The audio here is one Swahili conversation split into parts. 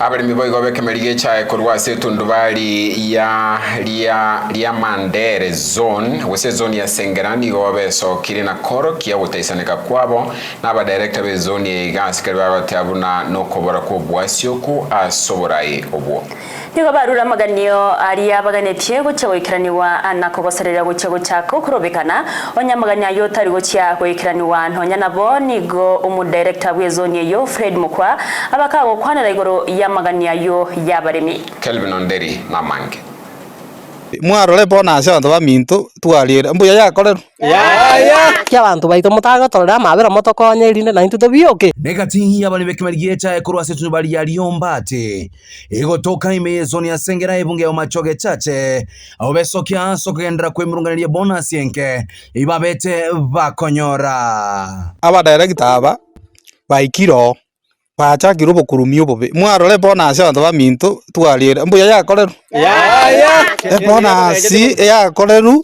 abalimi boigobe ekameri gechae korwase etundubari ya ria ria mandere zone gose zone ya sengera nigobe esokire na koro kia gotaisaneka kwabo na abadirector be zone ya igasi kari babate abuna nokobora kwa obwasi oku asoborae obwo nigo baruramaganio aria abaganete gocha goikeraniwa ana kogoserera gocha gochako okorobekana onyamagania ayo otari gochia goikeraniwa nonya nabo nigo omudirector bwe zone eyo fred mokwa abakagokwanera igoro ya ya yamagania yo ya yabaremi kelvin onderi na mange mwarore bona acio antu ba mintu twarire mbuya yakorerwo kia bantu baito mutagatorera mabira mutokonyerine na intu tubiuki negatihia bari bekimarigieta ekorwa ase tunu bari yariomba ate igotoka imeyezo ni asengera ebunge ya omachoge chache abo besokia ase okogenda kwemurunganiria bona asienke ibabete bakonyora aba director aba baikiro bachakirwe obokurumia obobe mwarore bono ase abanto minto twarire mbuya yakorerwa ebonasi yakoreru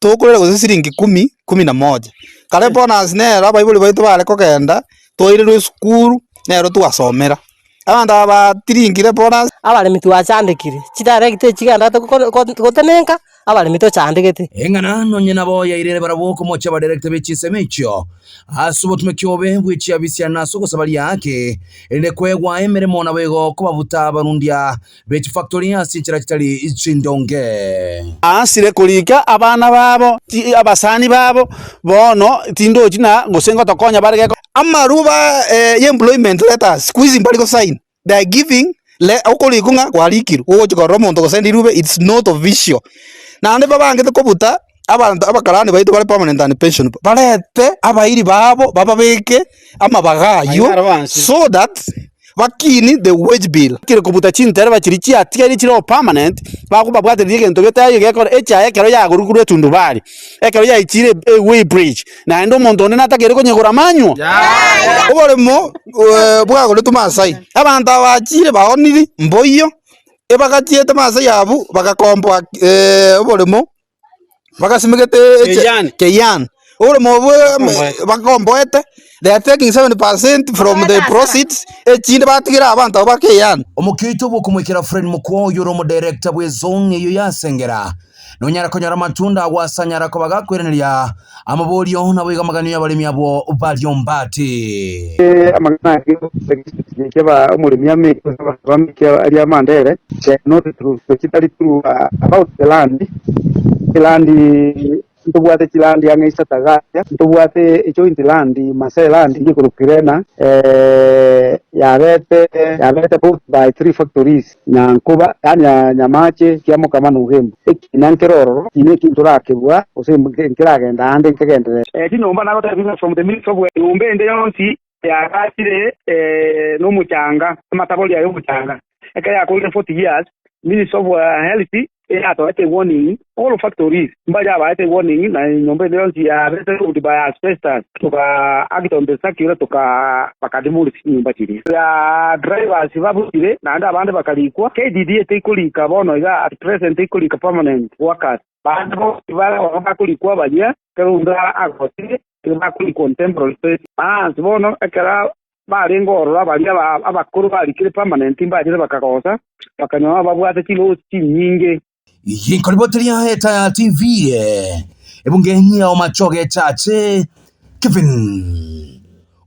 tokorera gose siringi kumi kumi na moja kare bonasi nero abaibori baitu bare kogenda twairirwe esukuru nero twasomera abanto abatiringire bona abaremi twachandikire chitare gite chigandate gutenenka abaremi tochandikite eng'ana nonye nabo yairere barabwoka mocha badirekta bechiseme ichio ase obotume kiobe bwichia bisiana ase ogosabari ake ende kwegwa emeremo nabo igoka babuta barundia bechifactory ase enchera chitari chindonge asire korika abana babo abasani babo bono tindochi na gose ngotokonya barigeko amaruba eh, ye employment letters squeeze mbali ko sign they are giving le okoli kunga gwarikiru gugochikora omonto gosenda irube it's not official na ande naende babangete kobuta aba karani baitu bari permanent and pension aba abairi babo baba beke ama amabagayo so that bakini the wage bill kire kubuta chintera bakiri chiatiari chiro permanent bakubabwatiririe egento getayo gekora echae ekero yagorugurwa etundubari ekero yaichire e, way bridge naende omonto onde natagere konyegora manywa oboremo bwagoretwe masai abanto abachire baoniri mboiyo ebagachiete masai abu bagakombwa e, oboremo bagasimegete e, keyan Ule mobu bakomboete they are taking 70% from the proceeds echinde eh, batigira abantu abo bakeyan omukiito bokumwikira friend mukwoyo uri omudirector bw'ezone eyo yasengera nonyara konyara amatunda awasanyara ko bagakwereneria amaborio ya igamaganio abalimi abo balio mbati eh, amagana keba omulimi kwa ari amandere not true so kitali true uh, about the land the land ntubwate chilandi ang'e isatagatia ntubwate icho intilandi maselandi gikurukirena eh, yabete yabete both by three factories nyankuba yani nyamache kiamokama na ugembo ikinankirororo kine kintu rakibua nkiragenda ande nkagenderera ekinyumba eh, nagotebia from the ministry of yumba ende yonsi yagatire eh, n'omuchanga amatabolia y'omuchanga eka yakulire forty years ministry of eh, health ila eh, atawete ah, warning all factories mbaja awawete warning na nyombe ndio nzi ya vete kutibaya asbestos toka akita the circular toka pakadimuli nyumba chiri ya drivers babu chire na anda abande bakalikwa KDD tekulika bono iga at present tekulika permanent workers bantu bala bakulikwa banya kerunda akotire bakuli contemporary space ah sibono ekera bari ngorora bari abakuru barikire permanent mbagire bakagosa bakanywa babwate chilo chinyinge yinkoliboteria heta ya tv ebungehia eh. omachoge chache kevin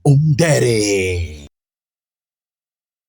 umdere